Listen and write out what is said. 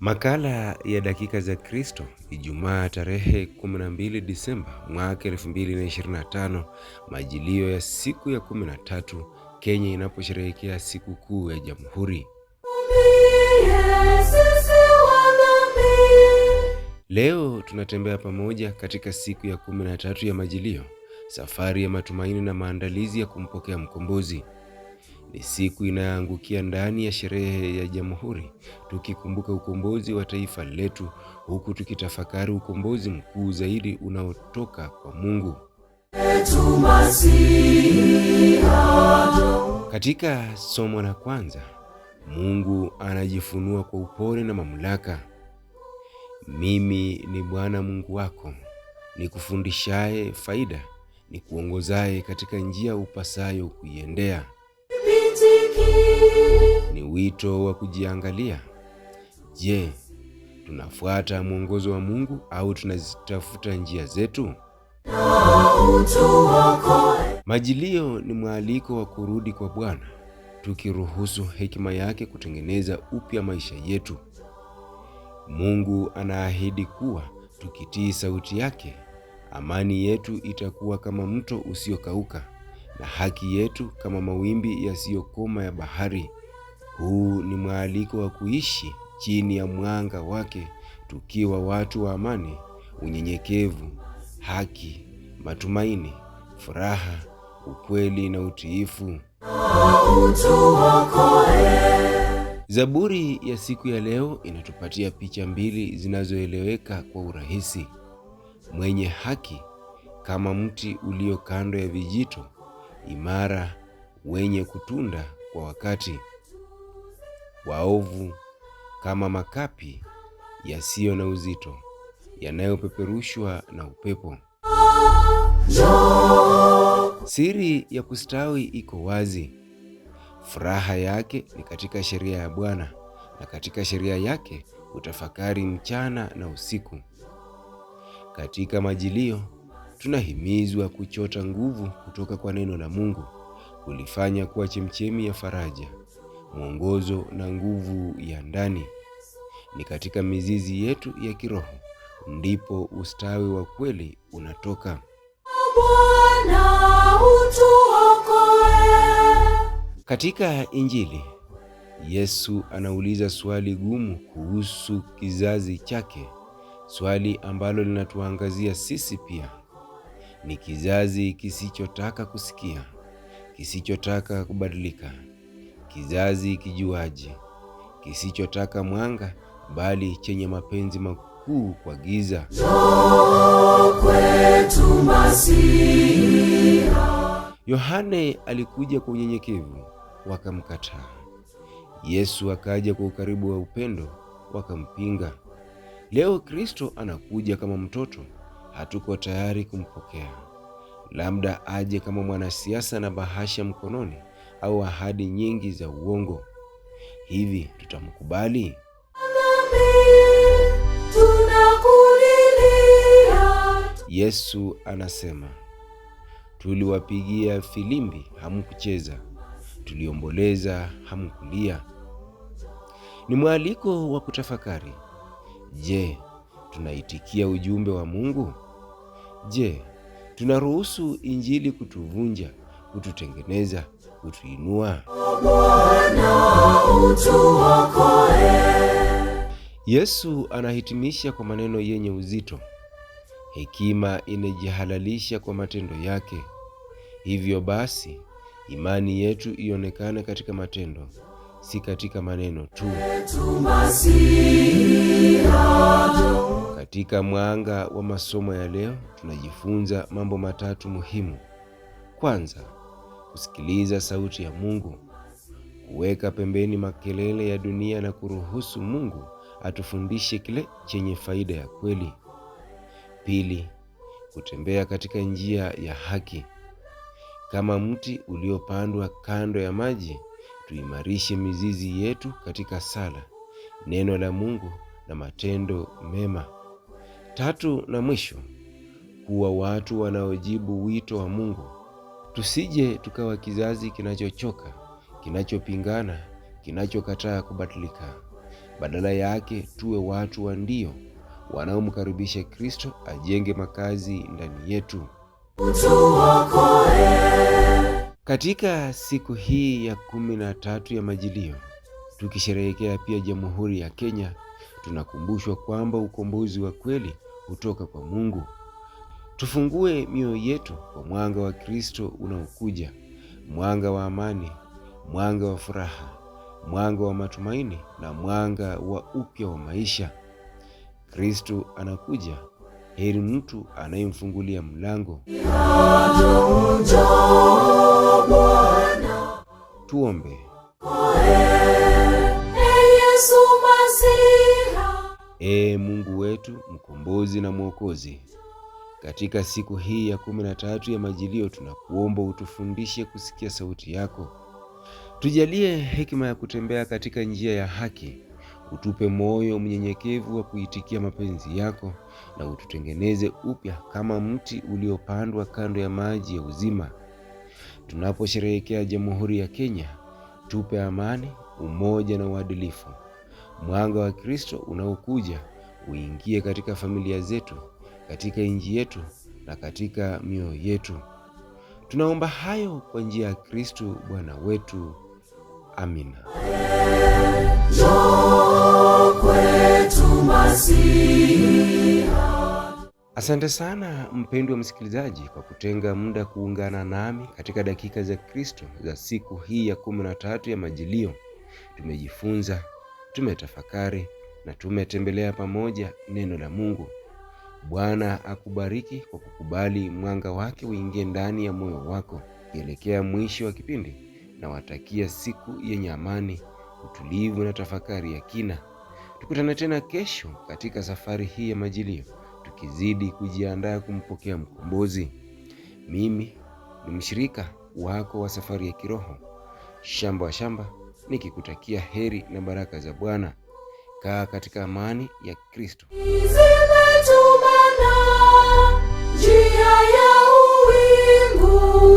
Makala ya dakika za Kristo, Ijumaa tarehe 12 Disemba mwaka 2025, majilio ya siku ya 13, Kenya inaposherehekea sikukuu ya Jamhuri. Leo tunatembea pamoja katika siku ya 13 ya majilio safari ya matumaini na maandalizi ya kumpokea mkombozi. Ni siku inayoangukia ndani ya sherehe ya Jamhuri, tukikumbuka ukombozi wa taifa letu, huku tukitafakari ukombozi mkuu zaidi unaotoka kwa Mungu. Katika somo la kwanza, Mungu anajifunua kwa upole na mamlaka. Mimi ni Bwana Mungu wako nikufundishaye faida ni kuongozaye katika njia upasayo kuiendea. Ni wito wa kujiangalia. Je, tunafuata mwongozo wa Mungu au tunazitafuta njia zetu? Majilio ni mwaliko wa kurudi kwa Bwana, tukiruhusu hekima yake kutengeneza upya maisha yetu. Mungu anaahidi kuwa tukitii sauti yake Amani yetu itakuwa kama mto usiokauka na haki yetu kama mawimbi yasiyokoma ya bahari. Huu ni mwaliko wa kuishi chini ya mwanga wake tukiwa watu wa amani, unyenyekevu, haki, matumaini, furaha, ukweli na utiifu. Zaburi ya siku ya leo inatupatia picha mbili zinazoeleweka kwa urahisi mwenye haki kama mti ulio kando ya vijito, imara, wenye kutunda kwa wakati. Waovu kama makapi yasiyo na uzito, yanayopeperushwa na upepo. Siri ya kustawi iko wazi, furaha yake ni katika sheria ya Bwana, na katika sheria yake utafakari mchana na usiku. Katika majilio tunahimizwa kuchota nguvu kutoka kwa neno la Mungu, kulifanya kuwa chemchemi ya faraja, mwongozo na nguvu ya ndani. Ni katika mizizi yetu ya kiroho ndipo ustawi wa kweli unatoka. Bwana utuokoe. Katika Injili Yesu anauliza swali gumu kuhusu kizazi chake swali ambalo linatuangazia sisi pia. Ni kizazi kisichotaka kusikia, kisichotaka kubadilika, kizazi kijuaji, kisichotaka mwanga, bali chenye mapenzi makuu kwa giza. Yohane alikuja kwa unyenyekevu, wakamkataa. Yesu akaja kwa ukaribu wa upendo, wakampinga. Leo Kristo anakuja kama mtoto, hatuko tayari kumpokea. Labda aje kama mwanasiasa na bahasha mkononi au ahadi nyingi za uongo. Hivi tutamkubali? Yesu anasema, tuliwapigia filimbi hamkucheza, tuliomboleza hamkulia. Ni mwaliko wa kutafakari. Je, tunaitikia ujumbe wa Mungu? Je, tunaruhusu injili kutuvunja, kututengeneza, kutuinua? Yesu anahitimisha kwa maneno yenye uzito: hekima inajihalalisha kwa matendo yake. Hivyo basi, imani yetu ionekane katika matendo si katika maneno tu, katika mwanga wa masomo ya leo tunajifunza mambo matatu muhimu. Kwanza, kusikiliza sauti ya Mungu, kuweka pembeni makelele ya dunia na kuruhusu Mungu atufundishe kile chenye faida ya kweli. Pili, kutembea katika njia ya haki, kama mti uliopandwa kando ya maji tuimarishe mizizi yetu katika sala, neno la Mungu na matendo mema. Tatu na mwisho, kuwa watu wanaojibu wito wa Mungu. Tusije tukawa kizazi kinachochoka, kinachopingana, kinachokataa kubatilika. Badala yake tuwe watu wa ndio wanaomkaribisha Kristo ajenge makazi ndani yetu. Katika siku hii ya kumi na tatu ya Majilio, tukisherehekea pia Jamhuri ya Kenya, tunakumbushwa kwamba ukombozi wa kweli hutoka kwa Mungu. Tufungue mioyo yetu kwa mwanga wa Kristo unaokuja, mwanga wa amani, mwanga wa furaha, mwanga wa matumaini na mwanga wa upya wa maisha. Kristo anakuja. Heri mtu anayemfungulia mlango. tuombe. E Mungu wetu mkombozi na mwokozi, katika siku hii ya kumi na tatu ya Majilio tunakuomba utufundishe kusikia sauti yako, tujalie hekima ya kutembea katika njia ya haki, utupe moyo mnyenyekevu wa kuitikia mapenzi yako, na ututengeneze upya kama mti uliopandwa kando ya maji ya uzima Tunaposherehekea Jamhuri ya Kenya, tupe amani, umoja na uadilifu. Mwanga wa Kristo unaokuja uingie katika familia zetu, katika nchi yetu na katika mioyo yetu. Tunaomba hayo kwa njia ya Kristo Bwana wetu. Amina. Njoo kwetu Masihi. Asante sana mpendwa msikilizaji kwa kutenga muda kuungana nami katika dakika za Kristo za siku hii ya kumi na tatu ya Majilio. Tumejifunza, tumetafakari na tumetembelea pamoja neno la Mungu. Bwana akubariki kwa kukubali mwanga wake uingie ndani ya moyo wako. Kielekea mwisho wa kipindi, na watakia siku yenye amani, utulivu na tafakari ya kina. Tukutane tena kesho katika safari hii ya Majilio akizidi kujiandaa kumpokea mkombozi. Mimi ni mshirika wako wa safari ya kiroho, Shamba wa Shamba, nikikutakia heri na baraka za Bwana. Kaa katika amani ya Kristo. Zimetumana njia ya uwingu